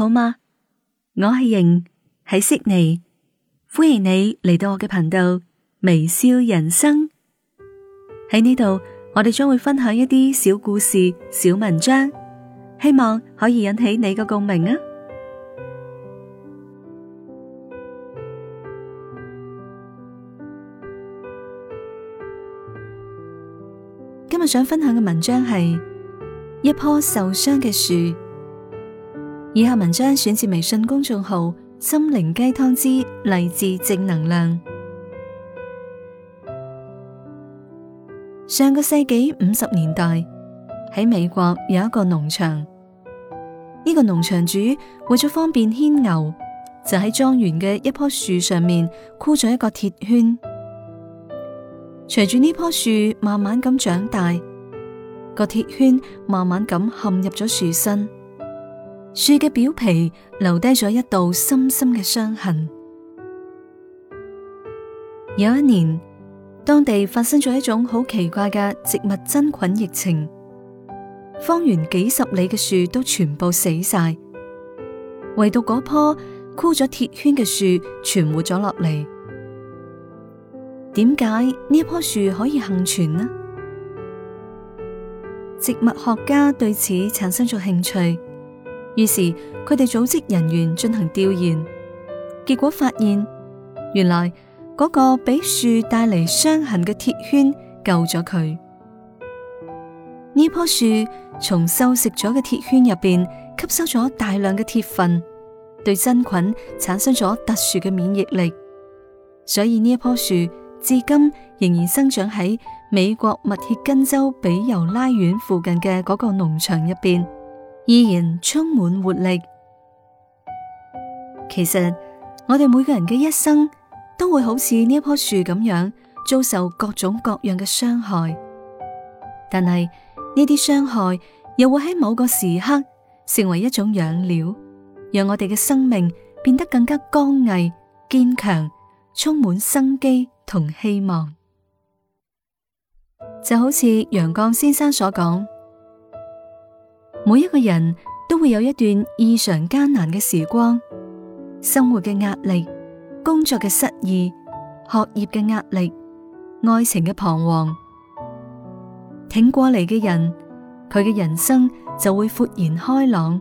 好嗎？我係瑩，喺悉尼，歡迎你嚟到我嘅頻道微笑人生。喺呢度，我哋將會分享一啲小故事、小文章，希望可以引起你嘅共鳴啊！今日想分享嘅文章係一棵受傷嘅樹。以下文章選自微信公眾號《心靈雞湯之勵志正能量》。上個世紀五十年代喺美國有一個農場，呢、呢個農場主為咗方便牽牛，就喺莊園嘅一棵樹上面箍咗一個鐵圈。隨住呢棵樹慢慢咁長大，個鐵圈慢慢咁陷入咗樹身。樹嘅表皮留低咗一道深深嘅傷痕。有一年，當地發生咗一種好奇怪嘅植物真菌疫情，方圓幾十里嘅樹都全部死晒，唯獨嗰棵箍咗鐵圈嘅樹存活咗落嚟。點解呢一棵樹可以幸存呢？植物學家對此產生咗興趣。於是佢哋組織人員進行調研，結果發現原來嗰個俾樹帶嚟傷痕嘅鐵圈救咗佢。呢棵樹從銹蝕咗嘅鐵圈入邊吸收咗大量嘅鐵份，對真菌產生咗特殊嘅免疫力，所以呢一棵樹至今仍然生長喺美國密歇根州比尤拉縣附近嘅嗰個農場入邊，依然充滿活力。其實我哋每個人嘅一生都會好似呢一棵樹咁樣，遭受各種各樣嘅傷害。但係呢啲傷害又會喺某個時刻成為一種養料，讓我哋嘅生命變得更加剛毅、堅強，充滿生機同希望。就好似楊絳先生所講。每一個人都會有一段異常艱難嘅時光，生活嘅壓力、工作嘅失意、學業嘅壓力、愛情嘅彷徨，挺過嚟嘅人，佢嘅人生就會豁然開朗；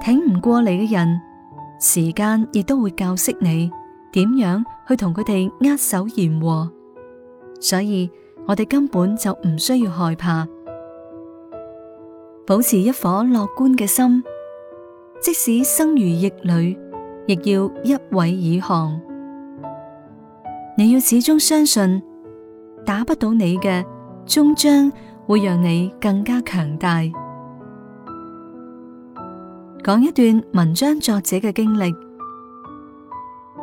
挺唔過嚟嘅人，時間亦都會教識你點樣去同佢哋握手言和。所以我哋根本就唔需要害怕。保持一顆樂觀嘅心，即使生如逆旅，亦要一葦以航。你要始終相信，打不到你嘅，終將會讓你更加強大。講一段文章作者嘅經歷，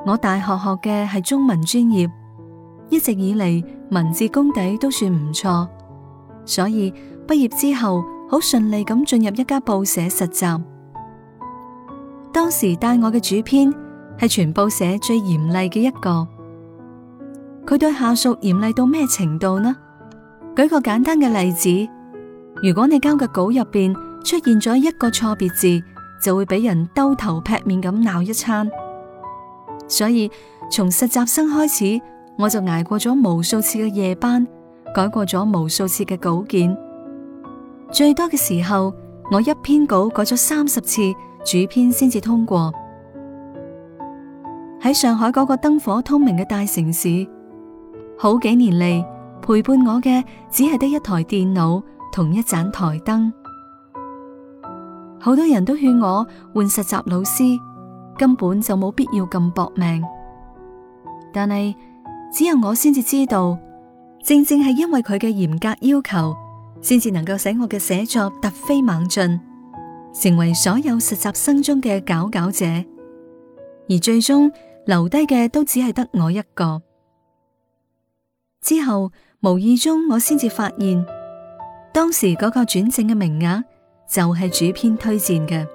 我大學學嘅係中文專業，一直以嚟文字功底都算唔錯，所以畢業之後。好順利咁進入一家報社實習。當時帶我嘅主編係全報社最嚴厲嘅一個，佢對下屬嚴厲到咩程度呢？舉個簡單嘅例子，如果你交嘅稿入邊出現咗一個錯別字，就會俾人兜頭劈面咁鬧一餐。所以從實習生開始，我就挨過咗無數次嘅夜班，改過咗無數次嘅稿件。最多嘅時候，我一篇稿改咗三十次，主編先至通過。喺上海嗰個燈火通明嘅大城市，好幾年嚟陪伴我嘅只係得一台電腦同一盞台燈。好多人都勸我換實習老師，根本就冇必要咁搏命。但係，只有我先至知道，正正係因為佢嘅嚴格要求。先至能夠使我嘅寫作突飛猛進，成為所有實習生中嘅佼佼者，而最終留低嘅都只係得我一個。之後無意中我先至發現，當時嗰個轉正嘅名額就係主編推薦嘅，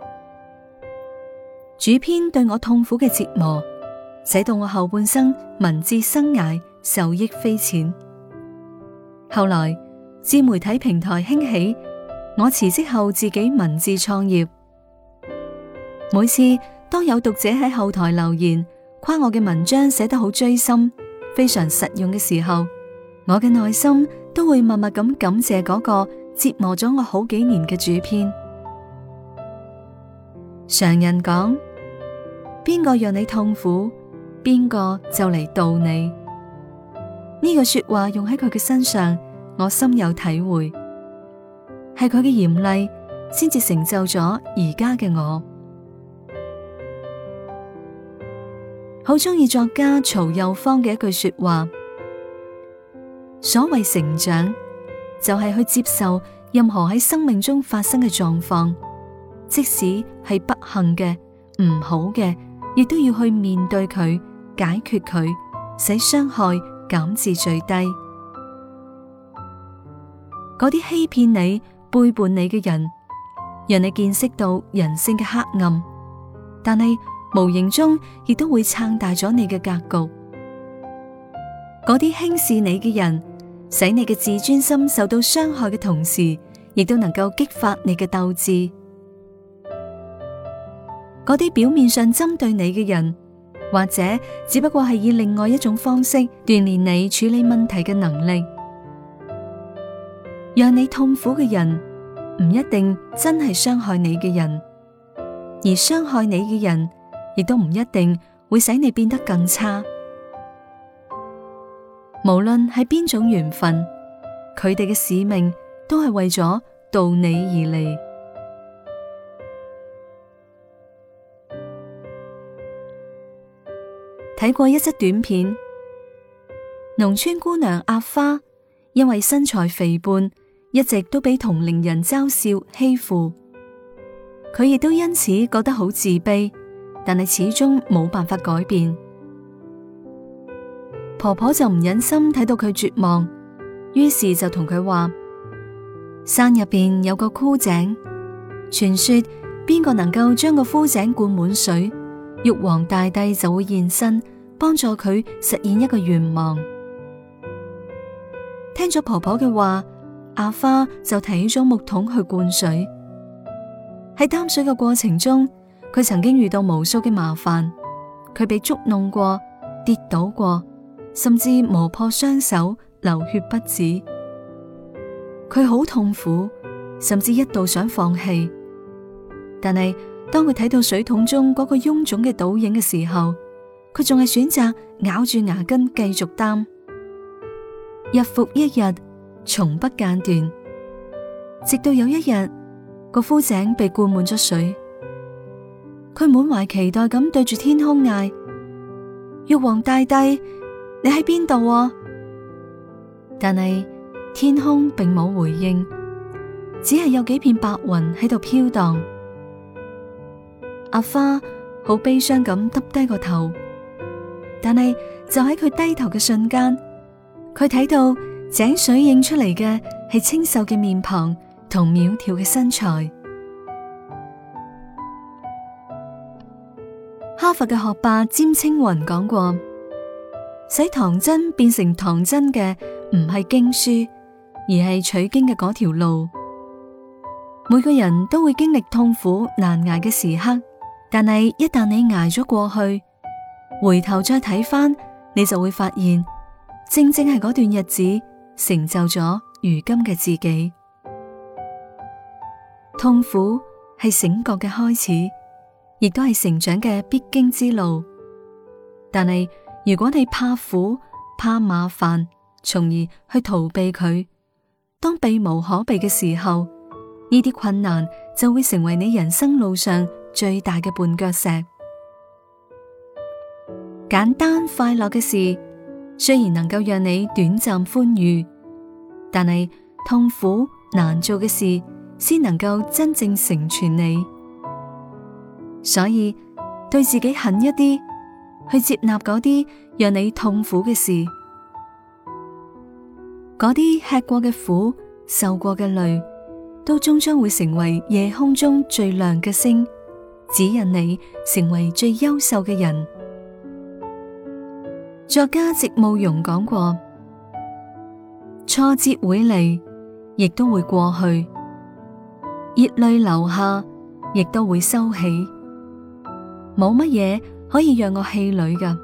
主編對我痛苦嘅折磨，使到我後半生文字生涯受益匪淺。後來，自媒體平台興起，我辭職後自己文字創業。每次當有讀者喺後台留言誇我嘅文章寫得好追心，非常實用嘅時候，我嘅內心都會默默咁感謝嗰個折磨咗我好幾年嘅主編。常人講，邊個讓你痛苦，邊個就嚟度你，呢個說話用喺佢嘅身上。我深有體會，係佢嘅嚴厲先至成就咗而家嘅我。好中意作家曹又方嘅一句說話：所謂成長，就係去接受任何喺生命中發生嘅狀況，即使係不幸嘅、唔好嘅，亦都要去面對佢、解決佢，使傷害減至最低。嗰啲欺騙你、背叛你嘅人，讓你見識到人性嘅黑暗；但係無形中亦都會撐大咗你嘅格局。嗰啲輕視你嘅人，使你嘅自尊心受到傷害嘅同時，亦都能夠激發你嘅鬥志。嗰啲表面上針對你嘅人，或者只不過係以另外一種方式鍛煉你處理問題嘅能力。讓你痛苦嘅人唔一定真係傷害你嘅人，而傷害你嘅人亦都唔一定會使你變得更差。無論係邊種緣分，佢哋嘅使命都係為咗渡你而嚟。睇過一則短片，農村姑娘阿花因為身材肥胖，一直都俾同齡人嘲笑欺負，佢亦都因此覺得好自卑，但係始終冇辦法改變。婆婆就唔忍心睇到佢絕望，於是就同佢話：山入邊有個枯井，傳說邊個能夠將個枯井灌滿水，玉皇大帝就會現身幫助佢實現一個願望。聽咗婆婆嘅話。阿花就提起咗木桶去灌水，喺擔水嘅過程中，佢曾經遇到無數嘅麻煩，佢被捉弄過，跌倒過，甚至磨破雙手流血不止，佢好痛苦，甚至一度想放棄。但係當佢睇到水桶中嗰個臃腫嘅倒影嘅時候，佢仲係選擇咬住牙根繼續擔，日復一日。從不間斷，直到有一日，個枯井被灌滿咗水。佢滿懷期待咁對住天空嗌：玉皇大帝，你喺邊度啊？但係天空並冇回應，只係有幾片白雲喺度飄蕩。阿花好悲傷咁耷低個頭，但係就喺佢低頭嘅瞬間，佢睇到。井水映出嚟嘅係清秀嘅面龐同苗條嘅身材。哈佛嘅學霸詹青云講過，使唐僧變成唐僧嘅唔係經書，而係取經嘅嗰條路。每個人都會經歷痛苦難挨嘅時刻，但係一旦你挨咗過去，回頭再睇翻，你就會發現，正正係嗰段日子。成就咗如今嘅自己，痛苦係醒覺嘅開始，亦都係成長嘅必經之路。但係如果你怕苦、怕麻煩，從而去逃避佢，當避無可避嘅時候，呢啲困難就會成為你人生路上最大嘅絆腳石。簡單快樂嘅事，雖然能夠讓你短暫歡愉。但係痛苦難做嘅事，先能夠真正成全你。所以對自己狠一啲，去接納嗰啲讓你痛苦嘅事，嗰啲吃過嘅苦、受過嘅累，都終將會成為夜空中最亮嘅星，指引你成為最優秀嘅人。作家席慕容講過。挫折會嚟，亦都會過去；熱淚流下，亦都會收起。冇乜嘢可以讓我氣餒噶，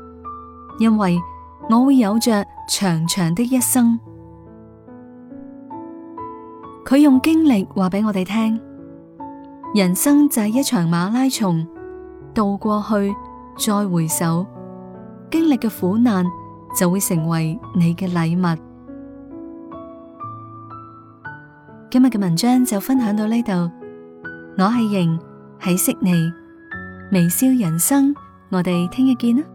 因為我會有着長長的一生。佢用經歷話俾我哋聽：人生就係一場馬拉松，渡過去，再回首，經歷嘅苦難就會成為你嘅禮物。今日嘅文章就分享到呢度，我係瑩，喺悉尼微笑人生，我哋聽日見啦。